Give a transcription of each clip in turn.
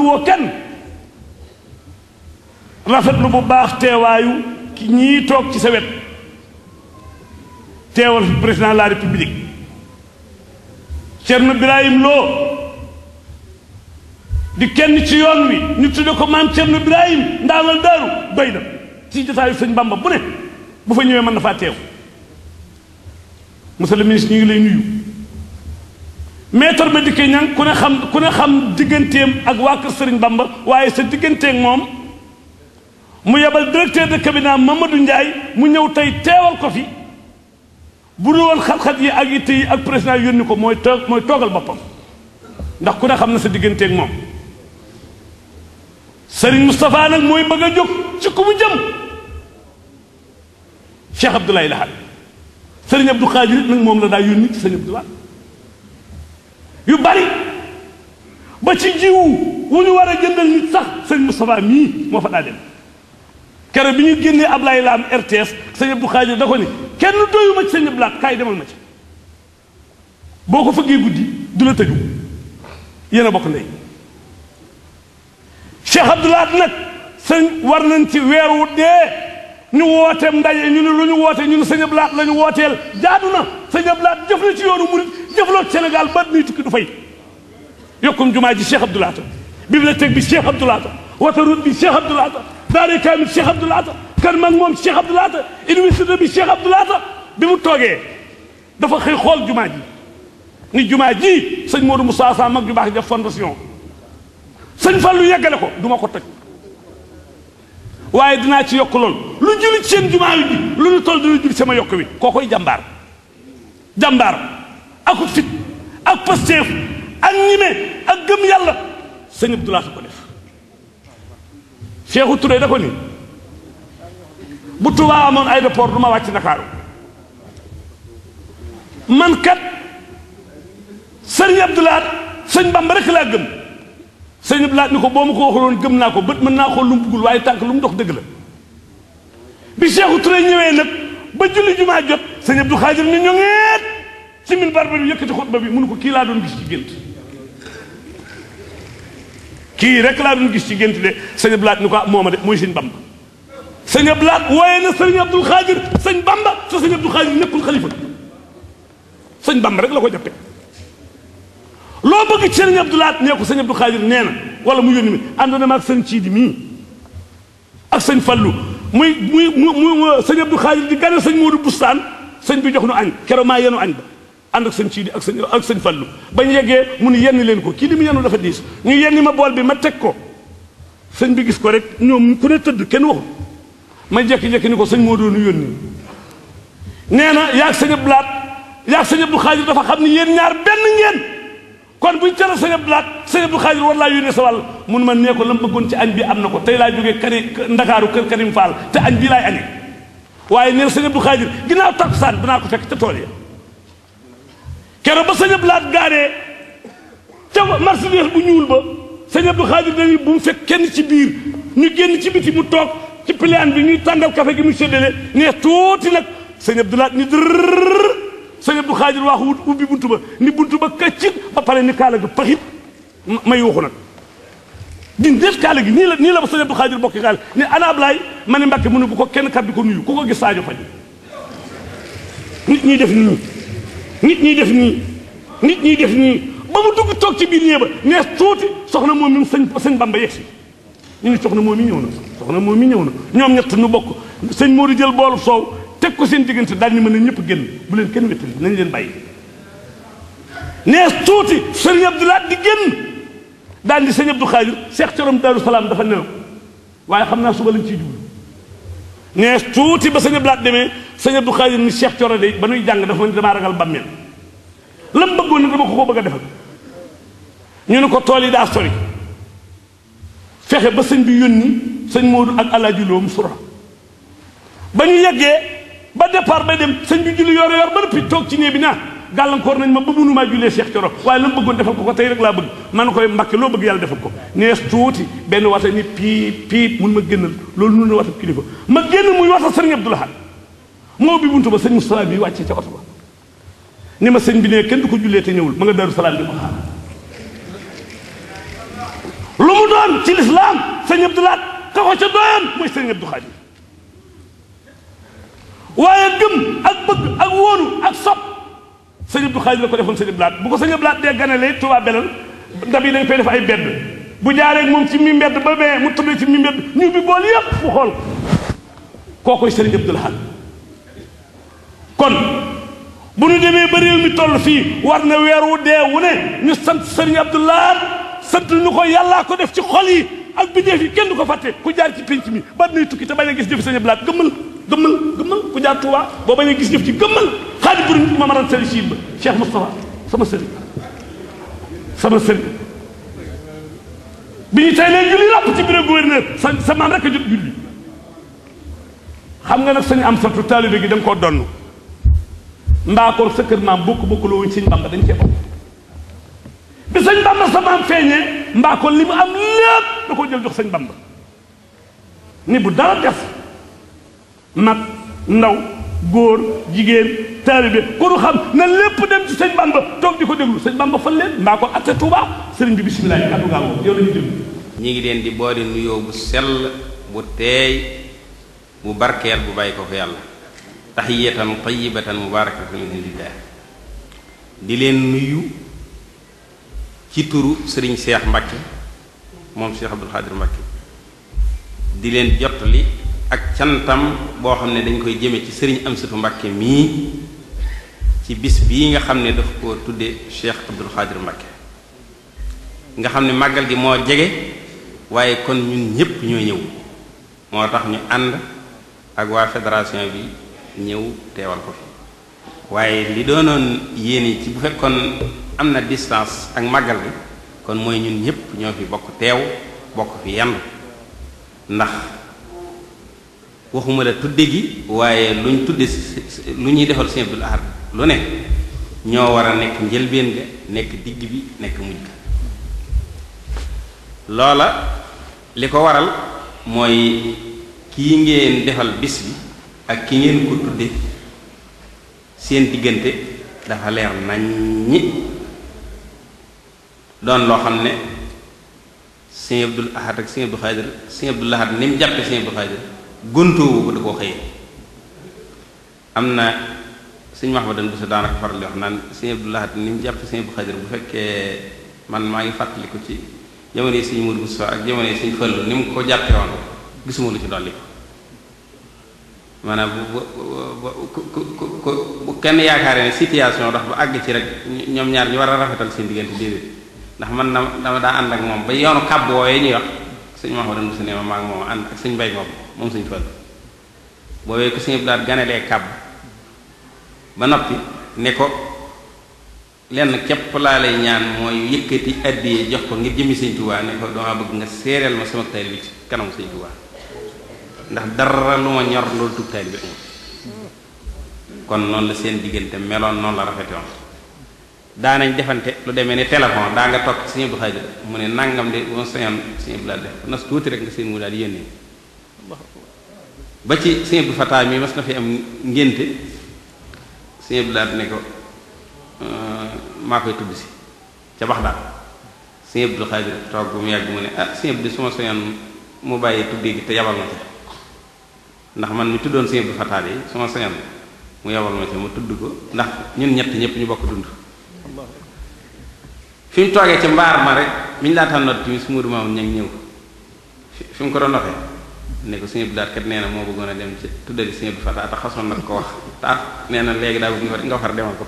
du woo kenn rafetlu bu baax teewaayu ki ñii toog ci sa wet teewal président de la république Thierno Birahim Lo di kenn ci yoon wi ñu tudde ko maam Thierno Birahim ndaamal daaru doy na ci jotaayu sëñ Bamba bu ne bu fa ñëwee mën na faa teew monsieur le ministre ñu ngi lay nuyu maître Madické Niang ku ne xam ku ne xam digganteem ak waa kër Serigne Bamba waaye sa digganteeg moom mu yebal dëkk directeur de cabinet Mamadou Ndiaye mu ñëw tey teewal ko fi bu dul woon xat-xat yi ak yitte ak président yónni ko mooy toog mooy toogal boppam ndax ku ne xam na sa digganteek moom sëriñ Moustapha nag mooy bëgg a jóg ci ku mu jëm Cheikh Abdoulaye Lahad Serigne Abdou Khadir moom la daa yónni ci Serigne yu bari ba ci jiwu wu ñu war a jëndal nit sax sëñ Moustapha mii moo fa daa dem keroog bi ñu génnee Ablaye Lam RTS sëñ Abdou Khadir da ko ni kenn doyuma ci sëñ Abdou Lahat kaay demal ma ci boo ko fëggee guddi du la tëju yéen bokk ndey Cheikh Abdou Lahat nag sëñ war nañ ci weeru wu dee ñu wooteem ndaje ñu ne lu ñu wootee ñu ne sëñ Abdou Lahat la ñu wooteel jaadu na sëñ Abdou Lahat jëf na ci yoonu murit جبلو سنغال با نيتو كدو فاي يوكوم جمعة جي شيخ عبد الله بيبليتيك بي شيخ عبد الله وترود بي شيخ عبد الله داري كامل شيخ عبد الله كان ماك موم شيخ عبد الله انيفيرسيتي بي شيخ عبد الله بيمو توغي دا فا خي خول جمعة جي ني جمعة جي سيغ مودو موسى سا ماك جو باخ جي فونداسيون سيغ فالو ياغالكو دوما كو تك waye dina ci yok lol lu julit sen jumaa yi lu nu tol du julit sama yok wi kokoy jambar jambar aku fit ak pasteef ak ñime ak gëm yàlla sëñ Abdou Lahat ko def Cheikhou Touré da ko ni bu Touba amoon aéroport du ma wàcc Ndakaaru man kat sëriñ Abdou Lahat sëñ Bamba rek laa gëm sëñ Abdou Lahat ni ko boo ma ko waxuloon gëm naa ko bët mën naa xool lu mu bëggul waaye tànk lu mu dox dëgg la bi Cheikhou Touré ñëwee nag ba julli jumaa jot sëñ Abdou Khadir ni ñoŋee ci min barba bi yëkkati xutba bi mënu ko kii laa doon gis ci gént kii rek laa doon gis ci gént de sëñ Ablaat ni ko ah, mooma de mooy sëñ Bamba sëñ Ablaat wooye na sëñ Abdul Xaadir sëñ Bamba te sëñ Abdul Xaadir nekkul xalifa sëñ Bamba rek la ko jàppe loo bëgg ci sëñ Abdulaat nee ko sëñ Abdul Xaadir nee na wala mu yónni mi ànd na ma ak sëñ Ciidi mii ak sëñ Fallu muy muy mu sëñ Abdul Xaadir di gane sëñ Moodu Bustaan sëñ bi jox nu añ keroog maa yenu añ ba ànd ak sëñ Siidi ak sëñ ak sëñ Fallu bañ yeggee mu ni yenn leen ko kii li mu yenu dafa diis ñu yenni ma bool bi ma teg ko sëñ bi gis ko rek ñoom ku ne tëdd kenn waxu ma jekki-jekki ni ko sëñ moo doonu yónni nee na yaag sëñ Abdu Laat yaag sëñ Abdu Xaadir dafa xam ni yéen ñaar benn ngeen kon buñ tere sëñ Abdu Laat sëñ Abdu Xaadir war laay yónnee sa wàll mun ma nee ko la mu bëggoon ci añ bi am na ko tey laay jógee kari ndakaaru kër Karim Fall te añ bi laay añee waaye neen sëñ Abdu Xaadir ginnaaw takkusaan naa ko fekk ca tool ya keroog ba sëñ Abdou Lahad gaaree ca Mercedes bu ñuul ba sëñ Abdou Khadir dañuy bu mu fekk kenn ci biir ñu génn ci biti mu toog ci pilaan bi ñuy tàngal kafe gi mu séddale ne tuuti nag sëñ Abdou Lahad ni dërr sëñ Abdou Khadir waaxu wut ubbi bunt ba ni buntu ba këccit ba pare ni kaala gi paxit ma yuuxu nag din déet kaala gi nii la nii la ba sëñ Abdou Khadir bokki kaala ni ana Ablaay ma ne Mbàkke mu bu ko kenn kat di ko nuyu ku ko gis Sadio Faye nit ñi def nit ñi def nii nit ñi def nii ba mu dugg toog ci biir yéeba nees tuuti soxna moom mi sëñ sëñ Bamba yegsi ñu ni soxna moom mi ñëw na soxna moom mi ñëw na ñoom ñett ñu bokk sëñ Modou jël boolu soow teg ko seen diggante daal ñu mën ne ñëpp génn bu leen kenn wettali nañ leen bàyyi nees tuuti sëriñ Abdoulaat di génn daal di sëñ Abdou Khadir Cheikh Corom Daaru dafa nelaw waaye xam naa suba lañ ciy jublu nees tuuti ba sëñ Abdoulaat demee sëñ Abdou Khadir ni Cheikh Coro de ba nuy jàng dafa mën damaa ragal bàmmeel la mu bëggoon nag dama ko ko bëgg a defal ñu ne ko tool yi daa sori fexe ba sëñ bi yónni sëñ Moodu ak Alaaji Lo Sura ba ñu yeggee ba départ bay dem sëñ bi julli yor yor ba noppi toog ci néeg bi naa gàllankoor nañ ma ba mënumaa jullee Cheikh Coro waaye la mu bëggoon defal ko ko tey rek laa bëgg man koy mbakke loo bëgg yàlla defal ko nees tuuti benn wata ni piip piip mun ma génnal loolu nun ne wata kilifa ma génn muy wata sëriñ Abdoul Ahad moo bi buntu ba sëñ Moustapha bi wàccee ca ni ma sëñ bi ne kenn du ko jullee te ñëwul ma nga daru di ko xaar lu mu doon ci lislaam sëñ Abdou Lahad ka ko ca doyoon mooy sëñ Abdou waaye gëm ak bëgg ak wóolu ak sopp sëñ Abdou Khadir ko defoon sëñ Abdou Lahad bu ko sëñ Abdou Lahad dee ganale Tuubaa belal ndab yi dañ fay def ay bedd bu jaaree moom ci mi mbedd ba bee mu tëbee ci mi mbedd ñu bi bool yépp mu xool kookoy sëriñ Abdou Lahad kon bu nu demee ba réew mi toll fii war na weer wu dee wu ne ñu sant sëriñ Abdoulaye sant ñu ko yàllaa ko def ci xol yi ak biddeef yi kenn du ko fàtte ku jaar ci pénc mi ba nuy tukki te bañ a gis jëf sëriñ Abdoulaye gëmmal gëmmal gëmmal ku jaar Touba boo bañ nga gis jëf ci gëmmal xaadi pour ma maran sëriñ siit ba Cheikh Moustapha sama sëriñ sama sëriñ bi ñu tey lee julli ràpp ci bureau gouverneur sa sa maam rek julli xam nga nag sañu am satu taalibe gi koo donn mbaa koog sa kër maam bokk bokk loo wuñ sëñ bamba dañ cee bokk bi sëñ bamba sa maam feeñee mbaa koog li mu am lépp da ko jël jox sëñ bamba ni bu dara def mag ndaw góor jigéen taalibe ku nu xam na lépp dem ci sëñ bamba toog di ko déglu sëñ bamba fal leen mbaa ko atte tuuba sëriñ bi bisimilah yi addu ngaa moom yow la ñu jëm ñi ngi leen di boole nuyoo bu sell bu teey bu barkeel bu bàyyi ko ko yàlla tahiyatan tayyibatan mubarakatan min indillah di len nuyu ci turu serigne cheikh mbacke mom cheikh abdul khadir mbacke di len jotali ak cantam bo xamne dañ koy jeme ci sëriñ amsatu mbacke mi ci bis bi nga xamne daf ko tudde cheikh abdul Khadir mbacke nga xamne magal gi mo jégué waye kon ñun ñépp ñoy ñëw moo tax ñu and ak wa fédération bi ñëw teewal ko fi waaye li doonoon yéene ci bu fekkoon am na distance ak màggal bi kon mooy ñun ñëpp ñoo fi bokk teew bokk fi yandu ndax waxuma la tudde gi waaye luñ tudde lu ñuy defal Sëñ Abdul lu ne ñoo war a nekk njëlbeen ga nekk digg bi nekk mujj ga loola li ko waral mooy kii ngeen defal bis bi ak ki ngeen ko tudde seen diggante dafa leer naññi doon loo xam ne sëñ Abdul Ahad ak sëñ Abdul Xaadir sëñ Abdul Ahad ni mu jàppe sëñ Abdul Xaadir ko da am na sëñ Mahmadan bu sa daanaka faral di wax naan sëñ Abdul Ahad ni mu jàppe sëñ Abdul bu fekkee man maa ngi fàttaliku ci jamono yi sëñ Moodu Musaa ak jamono yi sëñ Fallu ni mu ko jàppe woon gisuma lu ci dolli ko maanaam bu bu bu bu kenn yaakaaree ne situation dox ba àgg ci rek ñoom ñaar ñu war a rafetal seen diggante déedéet ndax man na dama daa ànd ak moom ba yoonu kàbb woowee ñuy wax sëñ Mahmoud Moussa ne ma maa ngi moom moom moom sëñ Fall boobee ko sëñ noppi ne ko lenn képp laa lay ñaan mooy yëkkati addiyee jox ko ngir jëmi sëñ Tuubaa ne ko dama bëgg nga séeréel ma sama tayl bi ci kanamu sëñ Tuubaa ndax dara lu ma ñor loolu tug taalibe amul kon noonu la seen diggante meloon noonu la rafetoon daanañ defante lu demee ni téléphone daa nga toog Sëñ Abdou Khadir mu ne nangam de boo sañoon tuuti rek seen mu daal yénnee ba ci Sëñ Abdou Fatah mi mas na fi am ngénte Sëñ Abdou Lahad ne ko euh, maa koy tudd si ca Baxdaad Sëñ Abdou Khadir toog bu mu yàgg mu ne ah Sëñ Abdou su ma sañoon mu bàyyi tuddee gi te yabal na ko ndax man mi tuddoon si Abdou Fatah yi su ma sañoon mu yabal ma ci ma tudd ko ndax ñun ñett ñëpp ñu bokk dund fi mu toogee ci mbaar ma rek bi ñu laataan noot tamit su Mourou Mamoun ña ñëw fi mu ko doon doxee ne ko sëñ Abdou Lahad kat nee na moo bëggoon a dem ci tuddali sëñ Abdou Fatah te xasoon na ko wax te ah nee na léegi daa bëgg nga far demal ko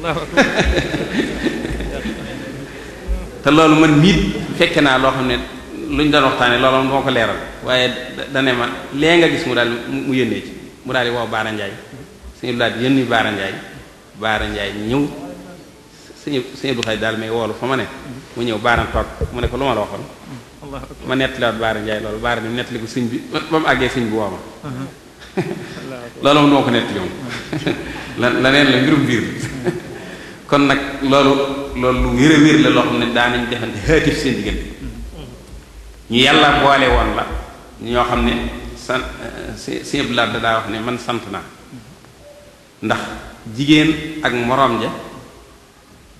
te loolu man miit fekke naa loo xam ne lu ñu doon waxtaane loolu moo ko leeral waaye dane ma lee nga gis mu daal mu yónnee ci mu daal di woo Baara Ndiaye suñu daal di yónni Baara Ndiaye Baara Ndiaye ñëw suñu suñu du xay daal may woolu fa ma ne mu ñëw Baara toog mu ne ko lu ma la waxoon ma nettaliwaat Baara Ndiaye loolu Baara ni nettali ko suñ bi ba mu àggee suñ bi woo ma loolu moom doo ko nettali moom la leneen la mbirum biir kon nag loolu loolu lu wér a wér la loo xam ne daanañ defante xaatif seen diggante ñu yàlla boole woon la ñoo xam ne san euh, si da daa wax ne man sant naa ndax jigéen ak moroom ja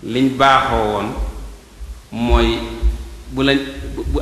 liñ baaxoo woon mooy bu la bu